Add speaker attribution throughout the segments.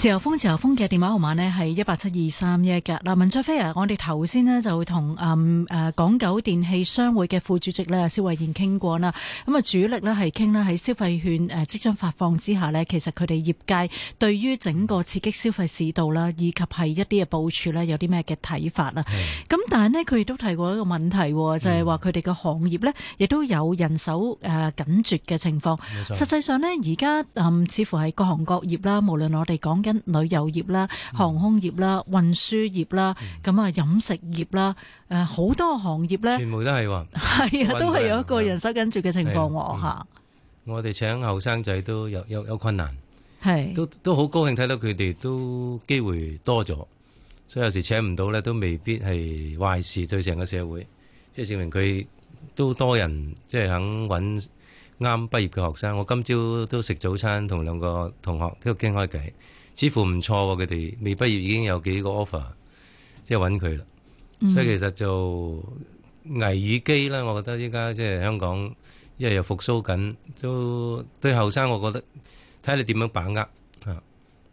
Speaker 1: 自由風，自由風嘅電話號碼呢係一八七二三一嘅。嗱，文卓飛啊，我哋頭先呢就同誒誒港九電器商會嘅副主席呢，蕭慧燕傾過啦。咁啊，主力呢係傾啦喺消費券即將發放之下呢，其實佢哋業界對於整個刺激消費市道啦，以及係一啲嘅部署呢，有啲咩嘅睇法啦。咁但係呢，佢亦都提過一個問題，就係話佢哋嘅行業呢，亦都有人手誒緊缺嘅情況。實際上呢，而家、嗯、似乎係各行各業啦，無論我哋講嘅。旅遊業啦、航空業啦、運輸業啦，咁、嗯、啊飲食業啦，誒好多行業咧、嗯，全
Speaker 2: 部都係喎，係啊，都係有
Speaker 1: 一個人手緊住嘅情況吓、嗯嗯。
Speaker 2: 我哋請後生仔都有有有困難，係都都好高興睇到佢哋都機會多咗，所以有時請唔到咧都未必係壞事，對成個社會，即係證明佢都多人即係、就是、肯揾啱畢業嘅學生。我今朝都食早餐同兩個同學都傾開偈。似乎唔錯喎，佢哋未畢業已經有幾個 offer，即係揾佢啦。所以其實就危與機啦，我覺得依家即係香港，一日又復蘇緊，都對後生，我覺得睇你點樣把握。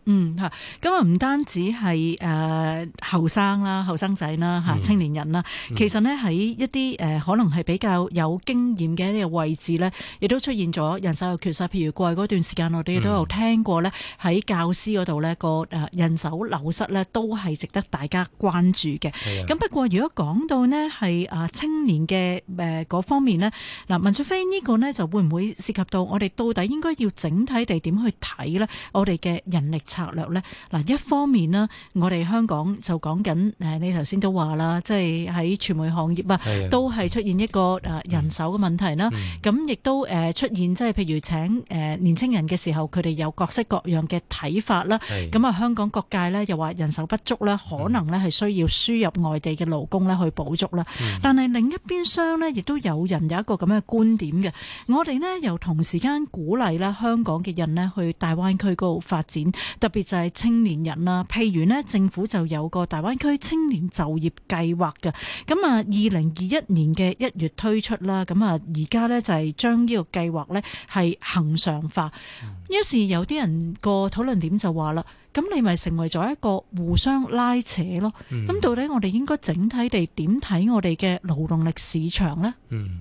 Speaker 1: 嗯吓，咁啊唔單止係誒後生啦，後生仔啦吓青年人啦，嗯，其實咧喺一啲誒、呃、可能係比較有經驗嘅一啲位置咧，亦都出現咗人手嘅缺失。譬如過去嗰段時間我哋都有聽過咧，喺教師嗰度咧個誒人手流失咧，都係值得大家關注嘅。咁不過如果講到咧係啊青年嘅誒嗰方面咧，嗱文卓飛呢個咧就會唔會涉及到我哋到底應該要整體地點去睇咧我哋嘅人力？策略呢，嗱，一方面呢，我哋香港就講緊誒你頭先都話啦，即係喺傳媒行業啊，都係出現一個誒人手嘅問題啦。咁亦都誒出現即係譬如請誒年青人嘅時候，佢哋有各式各樣嘅睇法啦。咁啊，香港各界咧又話人手不足啦，可能咧係需要輸入外地嘅勞工咧去補足啦，嗯。但係另一邊廂咧，亦都有人有一個咁嘅觀點嘅。我哋咧又同時間鼓勵啦香港嘅人咧去大灣區嗰度發展。特別就係青年人啦，譬如呢，政府就有個大灣區青年就業計劃嘅，咁啊，二零二一年嘅一月推出啦，咁啊，而家呢，就係將呢個計劃呢係恒常化，嗯、於是有啲人個討論點就話啦，咁你咪成為咗一個互相拉扯咯，咁、嗯、到底我哋應該整體地點睇我哋嘅勞動力市場呢？
Speaker 2: 嗯，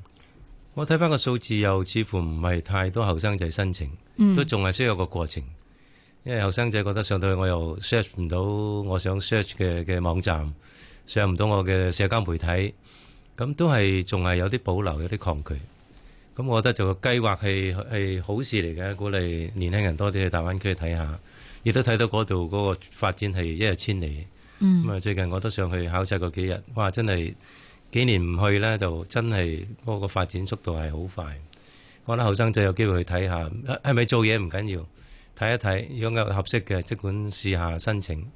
Speaker 2: 我睇翻個數字又似乎唔係太多後生仔申請，都仲係需要個過程。因為後生仔覺得上到去我又 search 唔到我想 search 嘅嘅網站，上唔到我嘅社交媒體，咁都係仲係有啲保留有啲抗拒。咁我覺得做個計劃係係好事嚟嘅，鼓勵年輕人多啲去大灣區睇下，亦都睇到嗰度嗰個發展係一日千里。
Speaker 3: 咁、嗯、啊
Speaker 2: 最近我都上去考察過幾日，哇！真係幾年唔去呢，就真係嗰個發展速度係好快。我覺得後生仔有機會去睇下，是不是係咪做嘢唔緊要？睇一睇，如果合適嘅，即管試下申請，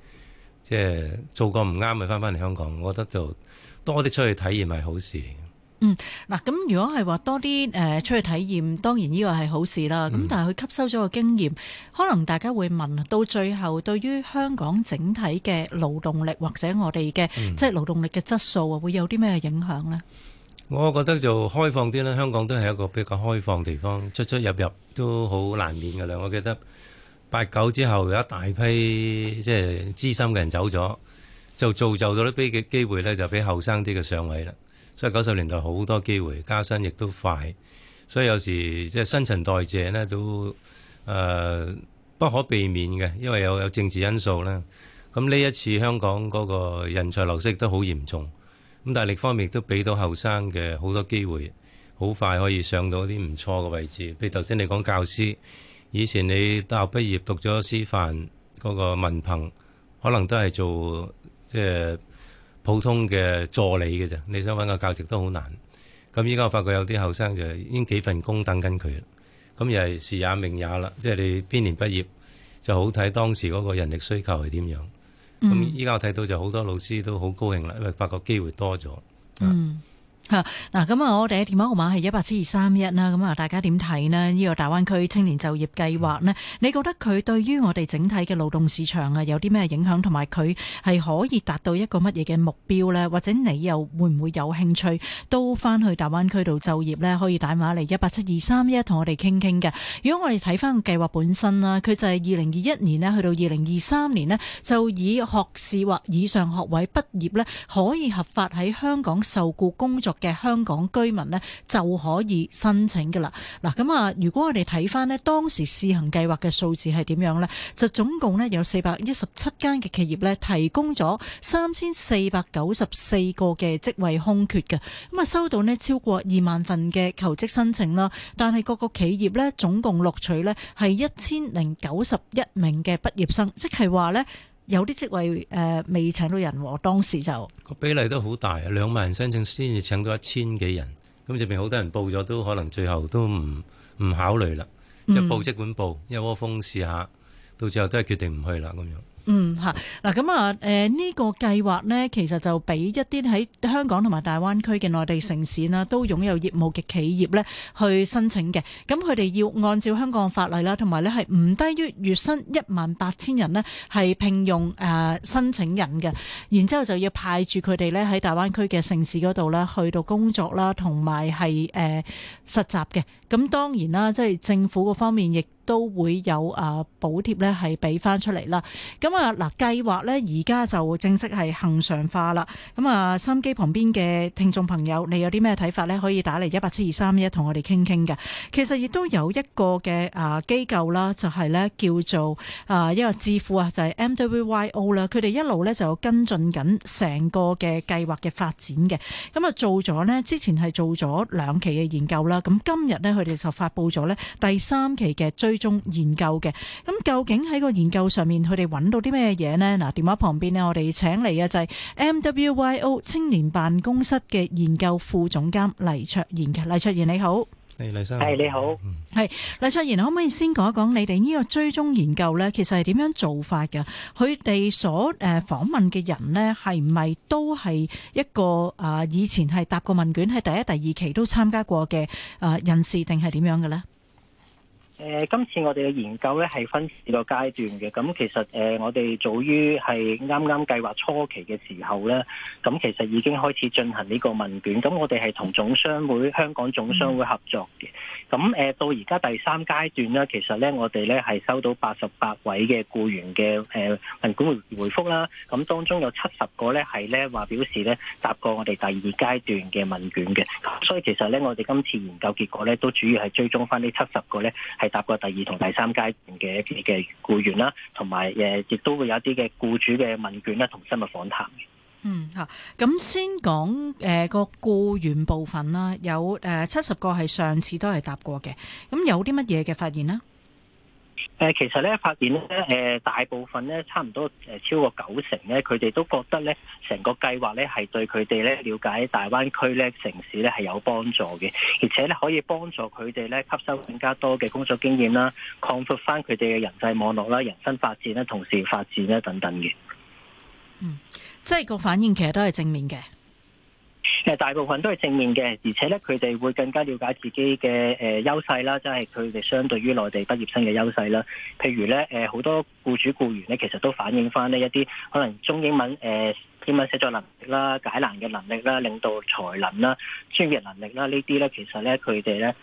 Speaker 2: 即係做個唔啱嘅，翻返嚟香港。我覺得就多啲出去體驗係好事。
Speaker 1: 嗯，嗱，咁如果係話多啲誒、呃、出去體驗，當然呢個係好事啦。咁但係佢吸收咗個經驗、嗯，可能大家會問到最後對於香港整體嘅勞動力或者我哋嘅、嗯、即係勞動力嘅質素，啊會有啲咩影響咧？
Speaker 2: 我覺得就開放啲啦。香港都係一個比較開放的地方，出出入入都好難免嘅啦。我記得。八九之後有一大批即係資深嘅人走咗，就造就咗啲機機會咧，就俾後生啲嘅上位啦。所以九十年代好多機會，加薪亦都快。所以有時即係新陳代謝咧都誒、呃、不可避免嘅，因為有有政治因素啦。咁呢一次香港嗰個人才流失都好嚴重。咁但係另一方面亦都俾到後生嘅好多機會，好快可以上到啲唔錯嘅位置。譬如頭先你講教師，以前你大學畢業讀咗師範嗰個文憑，可能都係做即係普通嘅助理嘅啫。你想揾個教職都好難。咁依家我發覺有啲後生就已經幾份工等緊佢。咁又係時也命也啦，即係你邊年畢業就好睇當時嗰個人力需求係點樣。咁依家我睇到就好多老師都好高興啦，因為發覺機會多咗。嗯
Speaker 1: 嗱、嗯，咁啊，我哋嘅電話號碼係一八七二三一啦。咁啊，大家點睇呢？呢、呢個大灣區青年就業計劃呢？你覺得佢對於我哋整體嘅勞動市場啊，有啲咩影響？同埋佢係可以達到一個乜嘢嘅目標呢？或者你又會唔會有興趣都翻去大灣區度就業呢？可以打電話嚟一八七二三一同我哋傾傾嘅。如果我哋睇翻個計劃本身啦，佢就係二零二一年呢去到二零二三年呢，就以學士或以上學位畢業呢，可以合法喺香港受雇工作。嘅香港居民呢就可以申請嘅啦。嗱，咁啊，如果我哋睇翻呢，當時試行計劃嘅數字係點樣呢？就總共呢，有四百一十七間嘅企業呢提供咗三千四百九十四個嘅職位空缺嘅。咁啊，收到呢超過二萬份嘅求職申請啦。但係各個企業呢，總共錄取呢係一千零九十一名嘅畢業生，即係話呢。有啲職位，誒未、呃、請到人，當時就
Speaker 2: 個比例都好大，兩萬人申請先至請到一千幾人，咁入邊好多人報咗，都可能最後都唔唔考慮啦，即係、嗯、報即管報一窩蜂，蜂試下，到最後都係決定唔去啦咁樣。
Speaker 1: 嗯吓，嗱咁啊，誒，呢個計劃咧，其實就俾一啲喺香港同埋大灣區嘅內地城市啦，都擁有業務嘅企業咧，去申請嘅。咁佢哋要按照香港法例啦，同埋咧係唔低於月薪一萬八千人咧，係聘用誒申請人嘅。然之後就要派住佢哋咧喺大灣區嘅城市嗰度咧，去到工作啦，同埋係誒實習嘅。咁當然啦，即係政府嗰方面亦。都會有啊補貼咧，係俾翻出嚟啦。咁啊嗱、啊，計劃呢而家就正式係恆常化啦。咁啊，心機旁邊嘅聽眾朋友，你有啲咩睇法呢？可以打嚟一八七二三一同我哋傾傾嘅。其實亦都有一個嘅啊機構啦，就係、是、呢叫做啊一個智庫啊，就係、是、M W Y O 啦。佢哋一路呢就跟進緊成個嘅計劃嘅發展嘅。咁啊，做咗呢之前係做咗兩期嘅研究啦。咁、啊、今日呢，佢哋就發布咗呢第三期嘅追。中研究嘅，咁究竟喺個研究上面，佢哋揾到啲咩嘢呢？嗱，電話旁邊咧，我哋請嚟嘅就係 MWYO 青年辦公室嘅研究副總監黎卓然嘅，黎卓然你好，
Speaker 2: 係黎生，係你好，
Speaker 1: 係黎卓然，可唔可以先講一講你哋呢個追蹤研究呢？其實係點樣做法嘅？佢哋所誒訪問嘅人呢，係唔係都係一個啊以前係答過問卷喺第一、第二期都參加過嘅啊人士，定係點樣嘅呢？
Speaker 3: 誒，今次我哋嘅研究咧係分四個階段嘅。咁其實誒，我哋早於係啱啱計劃初期嘅時候咧，咁其實已經開始進行呢個問卷。咁我哋係同總商會香港總商會合作嘅。咁誒到而家第三階段咧，其實咧我哋咧係收到八十八位嘅僱員嘅誒問卷回回覆啦。咁當中有七十個咧係咧話表示咧答過我哋第二階段嘅問卷嘅。所以其實咧，我哋今次研究結果咧都主要係追蹤翻呢七十個咧係答過第二同第三階段嘅嘅僱員啦，同埋誒，亦都會有一啲嘅僱主嘅問卷啦，同深入訪談。嗯
Speaker 1: 吓，咁先講誒、呃、個僱員部分啦，有誒七十個係上次都係答過嘅，咁有啲乜嘢嘅發現呢？
Speaker 3: 誒，其實咧，發現咧，誒，大部分咧，差唔多誒，超過九成咧，佢哋都覺得咧，成個計劃咧，係對佢哋咧，了解大灣區咧，城市咧，係有幫助嘅，而且咧，可以幫助佢哋咧，吸收更加多嘅工作經驗啦，擴闊翻佢哋嘅人際網絡啦，人生發展咧，同時發展咧，等等嘅。嗯，
Speaker 1: 即係個反應，其實都係正面嘅。
Speaker 3: 誒，大部分都係正面嘅，而且咧，佢哋會更加了解自己嘅誒優勢啦，即係佢哋相對於內地畢業生嘅優勢啦。譬如咧，誒、呃，好多雇主雇員咧，其實都反映翻呢一啲可能中英文誒、呃、英文寫作能力啦、解難嘅能力啦、領導才能啦、專業能力啦呢啲咧，其實咧，佢哋咧，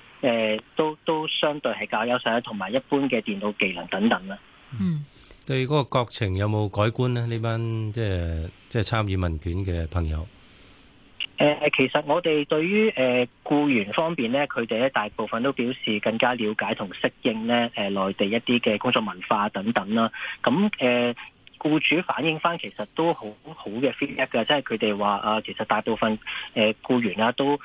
Speaker 3: 誒，都都相對係較優勢啦，同埋一般嘅電腦技能等等啦。嗯，
Speaker 2: 對嗰個國情有冇改觀呢？呢班即係即係參與問卷嘅朋友。
Speaker 3: 誒，其實我哋對於誒僱員方面咧，佢哋咧大部分都表示更加了解同適應咧，誒內地一啲嘅工作文化等等啦。咁誒，僱主反映翻其實都好好嘅 feedback 噶，即係佢哋話啊，其實大部分誒僱員啊都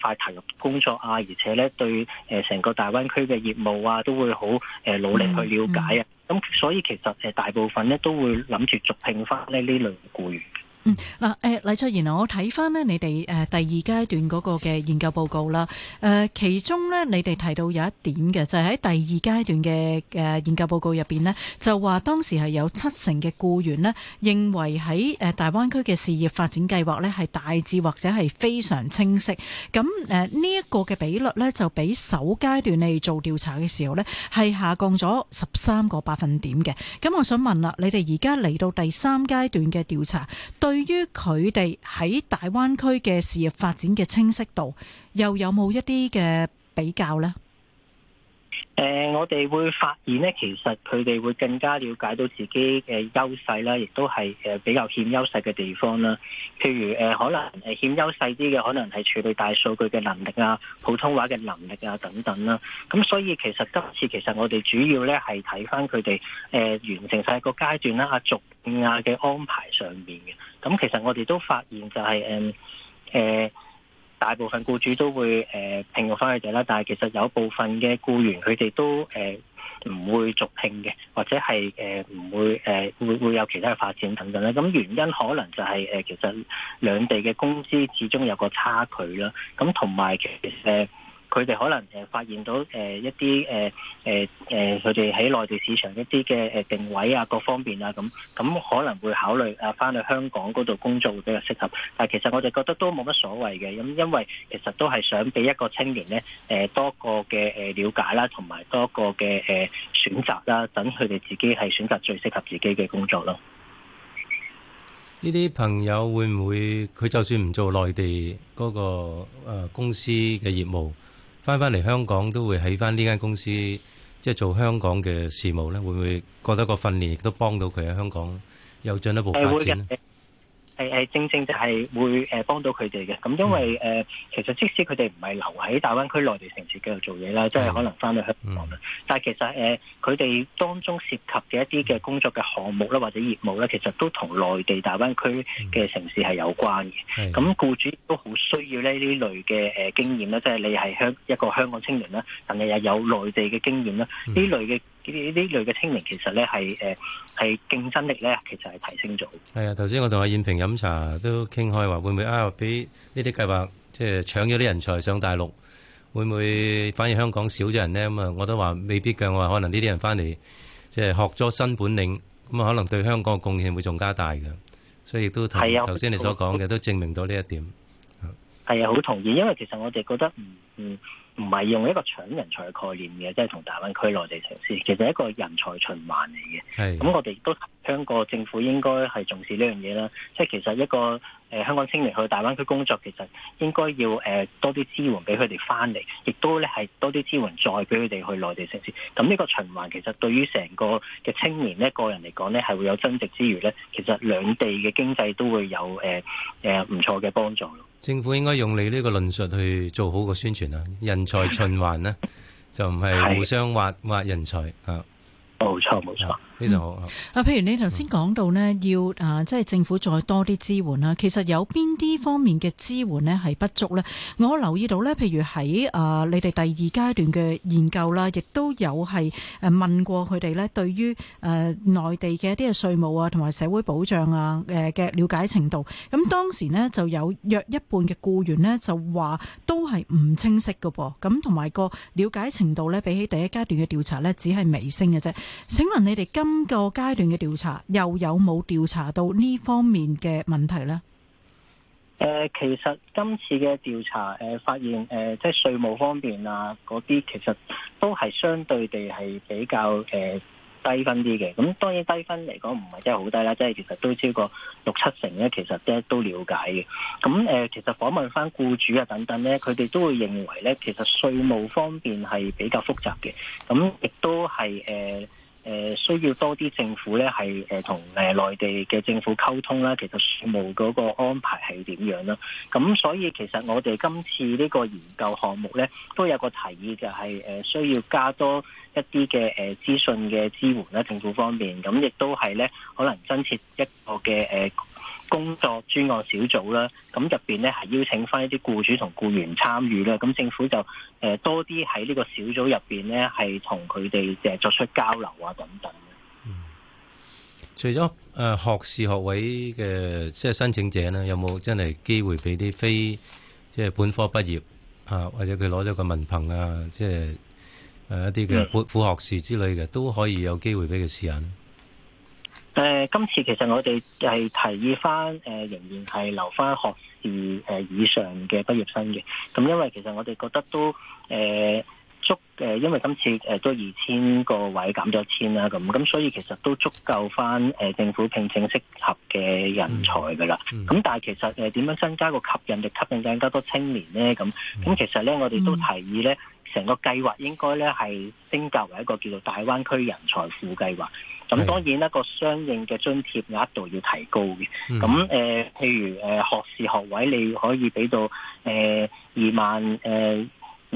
Speaker 3: 快投入工作啊，而且咧對誒成個大灣區嘅業務啊都會好誒努力去了解啊。咁所以其實誒大部分咧都會諗住續聘翻咧呢類僱
Speaker 4: 員。
Speaker 1: 嗯，嗱、呃，誒，黎卓然，我睇翻咧，你哋誒第二階段嗰個嘅研究報告啦，誒、呃，其中咧，你哋提到有一點嘅，就喺、是、第二階段嘅誒、呃、研究報告入邊咧，就話當時係有七成嘅僱員咧，認為喺誒大灣區嘅事業發展計劃咧係大致或者係非常清晰。咁誒呢一個嘅比率咧，就比首階段你做調查嘅時候咧，係下降咗十三個百分點嘅。咁我想問啦，你哋而家嚟到第三階段嘅調查對於佢哋喺大灣區嘅事業發展嘅清晰度，又有冇一啲嘅比較呢？
Speaker 3: 誒、呃，我哋會發現咧，其實佢哋會更加了解到自己嘅優勢啦，亦都係誒比較欠優勢嘅地方啦。譬如誒、呃，可能誒欠優勢啲嘅，可能係處理大數據嘅能力啊、普通話嘅能力啊等等啦。咁、啊、所以其實今次其實我哋主要咧係睇返佢哋誒完成晒個階段啦、啊續啊嘅安排上面嘅。咁、啊、其實我哋都發現就係誒誒。嗯嗯嗯大部分僱主都會誒聘用翻佢哋啦，但係其實有部分嘅僱員佢哋都誒唔會續聘嘅，或者係誒唔會誒會會有其他嘅發展等等咧。咁原因可能就係、是、誒其實兩地嘅工資始終有個差距啦，咁同埋其實。佢哋可能誒發現到誒一啲誒誒誒佢哋喺內地市場一啲嘅誒定位啊，各方面啊，咁咁可能會考慮誒翻去香港嗰度工作會比較適合。但係其實我哋覺得都冇乜所謂嘅，咁因為其實都係想俾一個青年咧誒多個嘅誒瞭解啦，同埋多個嘅誒選擇啦，等佢哋自己係選擇最適合自己嘅工作咯。
Speaker 2: 呢啲朋友會唔會佢就算唔做內地嗰個誒公司嘅業務，返返嚟香港都會喺翻呢間公司，即係做香港嘅事務咧，會唔會覺得個訓練亦都幫到佢喺香港有進一步發展呢？
Speaker 3: 係係正正就係會誒、呃、幫到佢哋嘅，咁因為誒、呃、其實即使佢哋唔係留喺大灣區內地城市繼續做嘢啦，即係可能翻去香港啦、嗯，但係其實誒佢哋當中涉及嘅一啲嘅工作嘅項目啦，或者業務咧，其實都同內地大灣區嘅城市係有關嘅。咁、嗯、僱主都好需要咧呢類嘅誒經驗啦，即係你係香一個香港青年啦，但係又有內地嘅經驗啦，呢、嗯、類嘅。呢呢類嘅青年其實咧，係誒係競爭力咧，其實係
Speaker 2: 提升咗。係啊，頭先我同阿燕萍飲茶都傾開話，會唔會啊，俾呢啲計劃即係搶咗啲人才上大陸，會唔會反而香港少咗人咧？咁啊，我都話未必嘅。我話可能呢啲人翻嚟即係學咗新本領，咁啊可能對香港嘅貢獻會仲加大嘅。所以亦都頭頭先你所講嘅都證明到呢一點。
Speaker 3: 係啊，好同意，因為其實我哋覺得嗯嗯，唔係用一個搶人才嘅概念嘅，即係同大灣區內地城市，其實一個人才循環嚟嘅。係咁，咁我哋都香港政府應該係重視呢樣嘢啦。即係其實一個誒、呃、香港青年去大灣區工作，其實應該要誒、呃、多啲支援俾佢哋翻嚟，亦都咧係多啲支援再俾佢哋去內地城市。咁呢個循環其實對於成個嘅青年呢個人嚟講呢係會有增值之餘呢，其實兩地嘅經濟都會有誒誒唔錯嘅幫助。
Speaker 2: 政府應該用你呢個論述去做好個宣傳啦。人才循環呢，就唔係互相挖挖人才啊。冇錯冇錯，
Speaker 1: 非常好。嗱、嗯，譬如你頭先講到呢要啊，即係政府再多啲支援啦。其實有邊啲方面嘅支援呢？係不足呢。我留意到呢，譬如喺啊，你哋第二階段嘅研究啦，亦都有係誒問過佢哋呢對於誒內地嘅一啲嘅稅務啊，同埋社會保障啊，誒嘅了解程度。咁當時呢，就有約一半嘅僱員呢就話都係唔清晰，噶噃。咁同埋個了解程度呢，比起第一階段嘅調查呢，只係微升嘅啫。請問你哋今個階段嘅調查又有冇調查到呢方面嘅問題呢？
Speaker 3: 誒，其實今次嘅調查誒、呃，發現誒、呃，即係稅務方面啊，嗰啲其實都係相對地係比較誒。呃低分啲嘅，咁當然低分嚟講唔係真係好低啦，即係其實都超過六七成咧。其實都了解嘅，咁、呃、其實訪問翻雇主啊等等咧，佢哋都會認為咧，其實稅務方面係比較複雜嘅，咁亦都係誒誒需要多啲政府咧，係誒同誒內地嘅政府溝通啦。其實稅務嗰個安排係點樣啦？咁所以其實我哋今次呢個研究項目咧，都有個提議，就係誒需要加多一啲嘅誒資訊嘅支援啦，政府方面。咁亦都係咧，可能增設一個嘅誒。工作專案小組啦，咁入邊呢係邀請翻一啲僱主同僱員參與啦。咁政府就誒多啲喺呢個小組入邊呢，係同佢哋誒作出交流啊，等等。嗯，
Speaker 2: 除咗誒、呃、學士學位嘅即係申請者呢，有冇真係機會俾啲非即係、就是、本科畢業啊，或者佢攞咗個文憑啊，即係誒一啲嘅副副學士之類嘅、嗯，都可以有機會俾佢試下？
Speaker 3: 誒、呃，今次其實我哋係提議翻，誒、呃、仍然係留翻學士誒、呃、以上嘅畢業生嘅。咁因為其實我哋覺得都誒足誒，因為今次誒都二千個位減咗千啦，咁咁所以其實都足夠翻誒、呃、政府聘請適合嘅人才噶啦。咁、嗯嗯、但係其實誒點樣增加個吸引力，吸引更加多青年咧？咁咁、嗯、其實咧，我哋都提議咧，成個計劃應該咧係升格為一個叫做大灣區人才庫計劃。咁當然啦，個相應嘅津貼額度要提高嘅，咁誒、呃，譬如誒、呃、學士學位你可以俾到誒、呃、二萬誒、呃、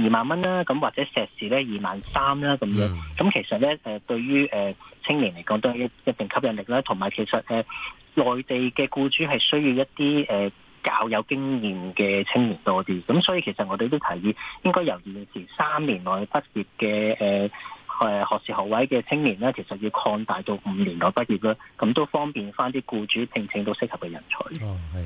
Speaker 3: 二萬蚊啦，咁或者碩士咧二萬三啦咁樣。咁其實咧誒、呃、對於誒、呃、青年嚟講都係一一定吸引力啦，同埋其實誒、呃、內地嘅僱主係需要一啲誒、呃、較有經驗嘅青年多啲。咁所以其實我哋都提議應該由現時三年內畢業嘅誒、呃誒學士學位嘅青年咧，其實要擴大到五年內畢業啦，咁都方便返啲僱主聘請到適合嘅人才。哦，係。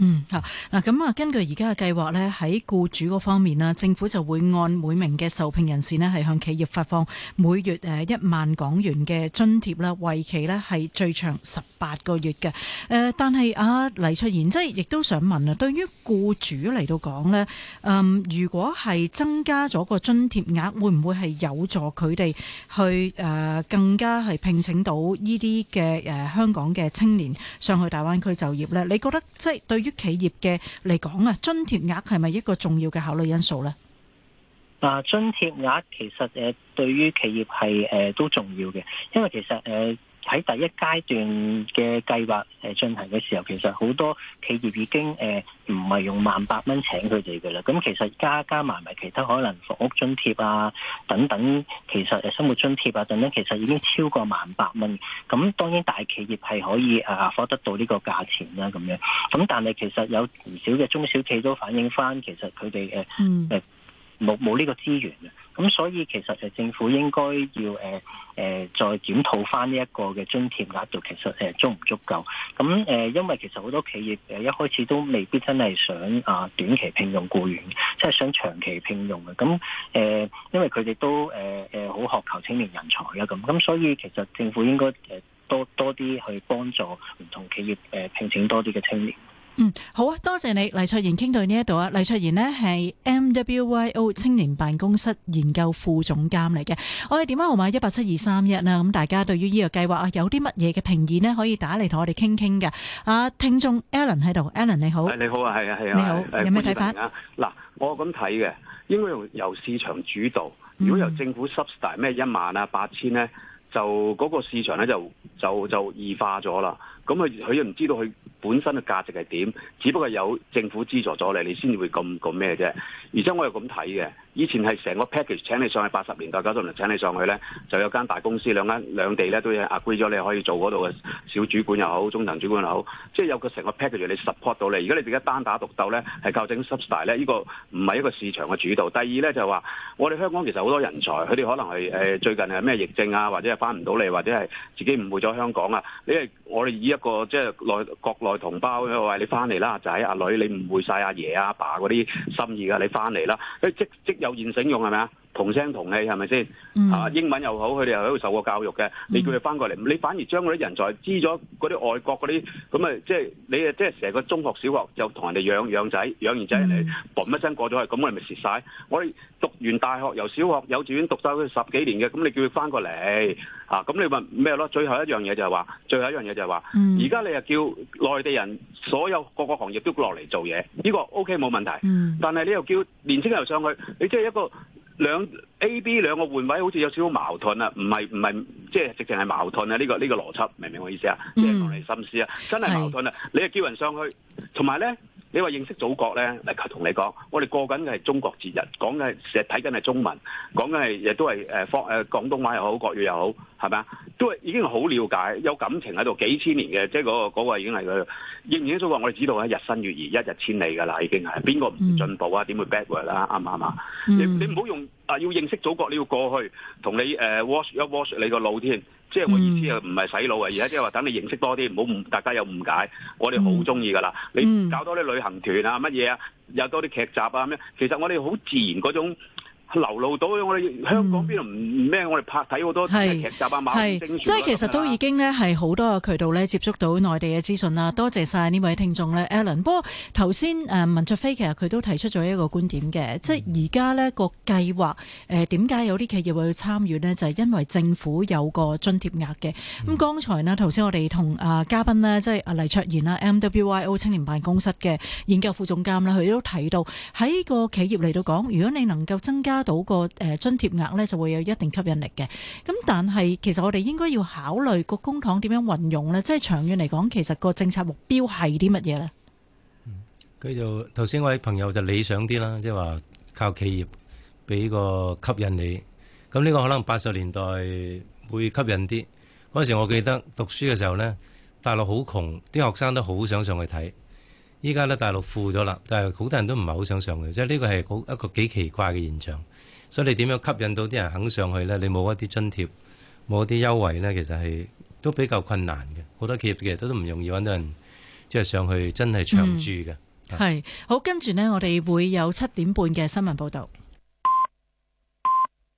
Speaker 1: 嗯，吓，嗱，咁啊，根據而家嘅計劃咧，喺雇主嗰方面啊，政府就會按每名嘅受聘人士咧，係向企業發放每月誒一萬港元嘅津貼啦，為期咧係最長十八個月嘅。誒、呃。但係阿、啊、黎卓然即係亦都想問啊，對於雇主嚟到講咧，嗯、呃，如果係增加咗個津貼額，會唔會係有助佢哋去誒、呃、更加係聘請到依啲嘅誒香港嘅青年上去大灣區就業咧？你覺得即係對於。對於企業嘅嚟講啊，津貼額係咪一個重要嘅考慮因素咧？
Speaker 3: 嗱，津貼額其實誒，對於企業係誒都重要嘅，因為其實誒。喺第一階段嘅計劃誒進行嘅時候，其實好多企業已經誒唔係用萬八蚊請佢哋嘅啦。咁其實加加埋埋其他可能房屋津貼啊等等，其實誒生活津貼啊等等，其實已經超過萬八蚊。咁當然大企業係可以誒、啊、獲得到呢個價錢啦咁樣。咁但係其實有唔少嘅中小企都反映翻，其實佢哋誒誒。嗯冇冇呢個資源嘅，咁所，呃呃呃呃，所以其實政府應該要誒再檢討翻呢一個嘅津貼額度，其實誒足唔足夠？咁誒因為其實好多企業誒一開始都未必真係想啊短期聘用僱員，即係想長期聘用嘅。咁誒因為佢哋都誒好渴求青年人才啦，咁咁所以其實政府應該誒多多啲去幫助唔同企業誒聘請多啲嘅青年。
Speaker 1: 嗯，好啊，多謝你黎卓然傾到妍呢一度啊，黎卓然呢係 M W Y O 青年辦公室研究副總監嚟嘅，我哋電話號碼一八七二三一啦，咁大家對於呢個計劃啊有啲乜嘢嘅評議呢？可以打嚟同我哋傾傾嘅。啊，聽眾 Alan 喺度，Alan 你好，你好啊，係啊係啊,啊,啊,啊,啊,啊，有有咩睇法
Speaker 4: 嗱，我咁睇嘅，應該由市場主導，如果由政府 support 咩一萬啊八千呢，就嗰個市場咧就。就就異化咗啦，咁佢佢又唔知道佢本身嘅價值係點，只不過有政府資助咗你，你先會咁咁咩啫。而且我又咁睇嘅，以前係成個 package 請你上去八十年代，九十年代請你上去咧，就有間大公司兩間兩地咧都係 upgrade 咗，你可以做嗰度嘅小主管又好，中層主管又好，即係有個成個 package 你 support 到你。而家你而家單打獨鬥咧，係較正 subsidy 咧，呢、個唔係一個市場嘅主導。第二咧就係話，我哋香港其實好多人才，佢哋可能係誒最近係咩疫症啊，或者係翻唔到嚟，或者係自己唔會。香港啊！你係我哋以一個即係內國內同胞，喂，我話你翻嚟啦，仔阿女，你誤會晒阿爺阿爸嗰啲心意噶，你翻嚟啦，即即有現成用係咪啊？是同聲同氣係咪先？嚇、啊、英文又好，佢哋又喺度受過教育嘅，嗯，你叫佢翻過嚟，你反而將嗰啲人才資咗嗰啲外國嗰啲，咁啊即係你啊即係成個中學、小學就同人哋養養仔，養完仔人哋嘣一聲過咗去，咁你咪蝕晒。我哋讀完大學，由小學、幼稚園讀晒佢十幾年嘅，咁你叫佢翻過嚟，嚇、啊、咁你咪咩咯？最後一樣嘢就係話，最後一樣嘢就係話，而、嗯、家你又叫內地人所有各個行業都落嚟做嘢，呢、這個 OK 冇問題。嗯、但係你又叫年青人上去，你即係一個。兩 A、B 兩個換位好似有少少矛盾啊！唔係唔係，即係直情係矛盾啊！呢個呢個邏輯明唔明我意思啊？即係望你心思啊！真係矛盾啊！你係叫人上去，同埋咧，你話認識祖國咧，嚟同你講，我哋過緊嘅係中國節日，講嘅係成日睇緊係中文，講緊係亦都係誒方誒廣東話又好，國語又好，係咪啊？都已經好了解，有感情喺度幾千年嘅，即係嗰、那個那個已經係佢認唔認祖國，說我哋知道啊，日新月異，一日千里噶啦，已經係邊個唔進步啊？點、嗯、會 backward 啦？啱唔啱啊？嗯、你你唔好用啊，要認識祖國，你要過去同你誒、呃、wash 一 wash 你個腦添，即係我意思係唔係洗腦啊、嗯？而家即係話等你認識多啲，唔好唔大家有誤解，我哋好中意噶啦，你搞多啲旅行團啊乜嘢啊，有多啲劇集啊咁樣，其實我哋好自然嗰種。流露到我哋香港邊度唔咩？我哋拍睇好多劇集啊、即係其實都已
Speaker 1: 經呢係好多個渠道呢接觸到內地嘅資訊啦、嗯。多謝晒呢位聽眾呢、嗯、Alan 不過頭先誒文卓飛其實佢都提出咗一個觀點嘅、嗯，即係而家呢、個計劃誒點解有啲企業會參與呢？就係、是、因為政府有個津貼額嘅。咁、嗯、剛才呢，頭先我哋同啊嘉賓呢，即係阿黎卓然啦，M W Y O 青年辦公室嘅研究副總監啦，佢都提到喺個企業嚟到講，如果你能夠增加。得到個誒津貼額呢，就會有一定吸引力嘅，咁但係其實我哋應該要考慮個公帑點樣運用呢？即係長遠嚟講，其實個政策目標係啲乜嘢呢？嗯，
Speaker 2: 佢就頭先位朋友就理想啲啦，即係話靠企業俾個吸引你。咁呢個可能八十年代會吸引啲，嗰陣時我記得讀書嘅時候呢，大陸好窮，啲學生都好想上去睇。依家咧大陸富咗啦，但係好多人都唔係好想上去，即係呢個係好一個幾奇怪嘅現象。所以你點樣吸引到啲人肯上去呢？你冇一啲津貼，冇一啲優惠呢，其實係都比較困難嘅。好多企業其實都都唔容易揾到人，即係上去真係長住嘅。係、
Speaker 1: 嗯、好，跟住呢，我哋會有七點半嘅新聞報導。